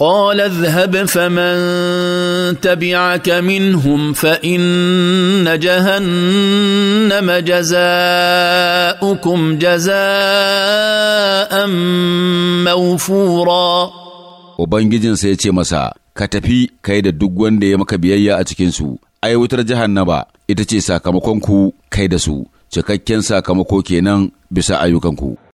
قال اذهب فمن تبعك منهم فان جهنم جزاؤكم جزاء موفورا ubangijinsa ya ce masa ka tafi kai da duk wanda ya maka biyayya a cikinsu ai wutar jahannaba ita ce sakamakon ku, kai da su cikakken sakamako kenan bisa ayyukanku